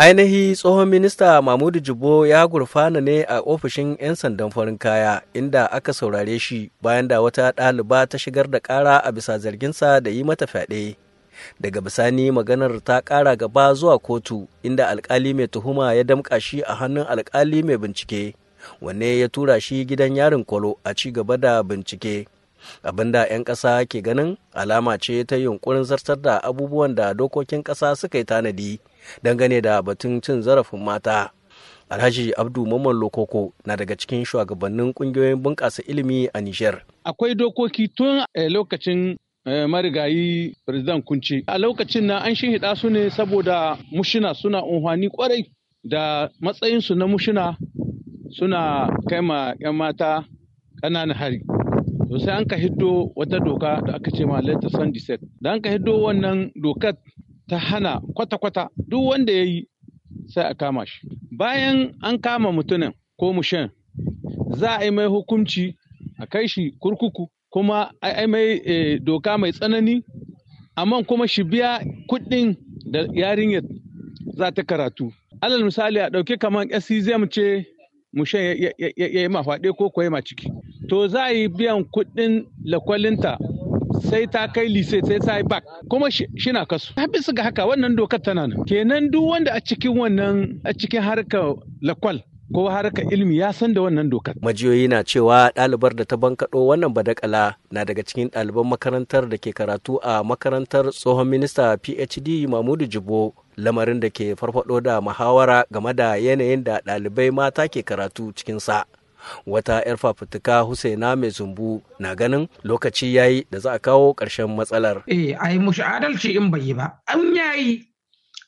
ainihi tsohon minista mahmudu jibo ya gurfana ne a ofishin 'yan sandan farin kaya inda aka saurare shi bayan da wata ɗaliba ta shigar da ƙara a bisa zarginsa da yi mata fyaɗe daga bisani maganar ta ƙara gaba zuwa kotu inda alkali mai tuhuma ya damƙa shi a hannun alkali mai bincike wanne ya tura shi gidan yarin kwalo a ci gaba da bincike Abin da 'yan ƙasa ke ganin alama ce ta yunkurin zartar da abubuwan da dokokin ƙasa suka yi tanadi dangane da batun cin zarafin mata alhaji abdu mamman lokoko na daga cikin shugabannin ƙungiyoyin bunƙasa ilimi a nijar akwai dokoki tun eh, lokacin eh, marigayi president kunci a lokacin na an shihida su ne saboda mushina suna unhwani kwarai da matsayinsu na mushina suna kai ma 'yan mata ƙananan hari to sai an ka hiddo wata doka da aka ce ma san set. da an ka hiddo wannan dokar ta hana kwata-kwata duk wanda ya yi sai a kama shi bayan an kama mutumin ko mushen za a yi mai hukunci a kai shi kurkuku kuma a yi mai eh, doka mai tsanani amma kuma shi biya kuɗin da yarinyar za ta karatu alal misali a ɗauke kamar sczm ce mushen ya yi mafaɗe ko kuwa ya ciki to za a yi biyan kuɗin lakwalinta sai ta kai lise sai ta yi bak kuma shi na kasu ta bisa ga haka wannan dokar tana nan kenan duk wanda a cikin wannan a cikin harkar lakwal ko harkar ilimi ya san da wannan dokar. Majiyoyi na cewa ɗalibar da ta bankaɗo wannan badakala na daga cikin ɗaliban makarantar da ke karatu a makarantar tsohon minista PhD Mahmudu Jibo lamarin da ke farfaɗo da muhawara game da yanayin da ɗalibai mata ke karatu cikinsa. wata 'yar fafutuka husaina mai zumbu na ganin lokaci yayi da za a kawo ƙarshen matsalar eh a yi mushi adalci in bai yi ba an yayi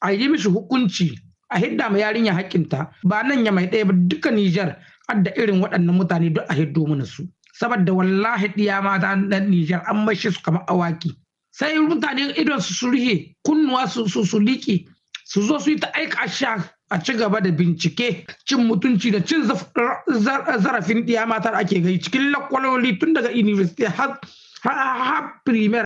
a yi mishi hukunci a hidda ma yarinya hakinta ba nan ya mai ɗaya ba duka Nijar adda irin waɗannan mutane duk a hiddo mana su saboda wallahi ɗiya mata na Nijar an mashi su kamar awaki sai mutane idon su surhe kunnuwa su su su liƙe su zo su yi ta aika sha a ci gaba da bincike cin mutunci da cin zarafin ɗiya matar ake gai cikin lakwaloli tun daga university har ha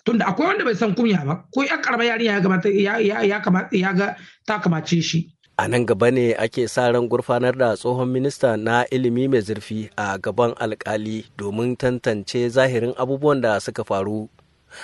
tun da akwai wanda bai san kunya ba ko ya karba yarinya ya ya ga ta kamace shi a nan gaba ne ake sa ran gurfanar da tsohon minista na ilimi mai zurfi a gaban alkali domin tantance zahirin abubuwan da suka faru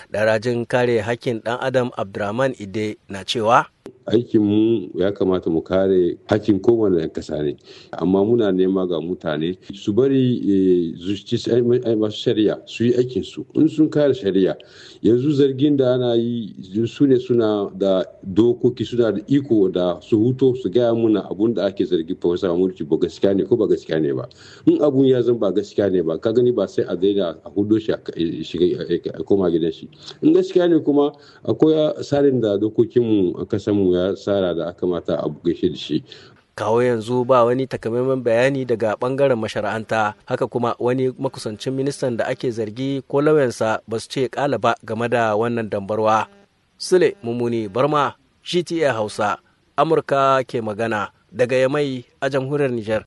darajin kare hakkin dan adam abdurrahman ide na cewa aikin mu ya kamata mu kare hakkin kowane ɗan ƙasa ne amma muna nema ga mutane su bari eh, masu shari'a su yi aikin su in sun kare shari'a yanzu zargin da ana yi su ne suna da dokoki suna da iko da su huto su gaya muna abun da ake zargi fawasa mulki ba gaskiya ne ko ba gaskiya ne ba in abun ya zan ba gaskiya ne ba ka gani ba sai a daina a hudo shi a eh, eh, koma gidan shi in gaskiya ne kuma akwai tsarin da dokokinmu a kasanmu ga sara da aka mata a da shi kawo yanzu ba wani takamaiman bayani daga bangaren mashara'anta haka kuma wani makusancin ministan da ake zargi ko lauyansa ba su ce kala ba game da wannan dambarwa sule mummuni barma gta hausa amurka ke magana daga yamai a jamhuriyar nijar.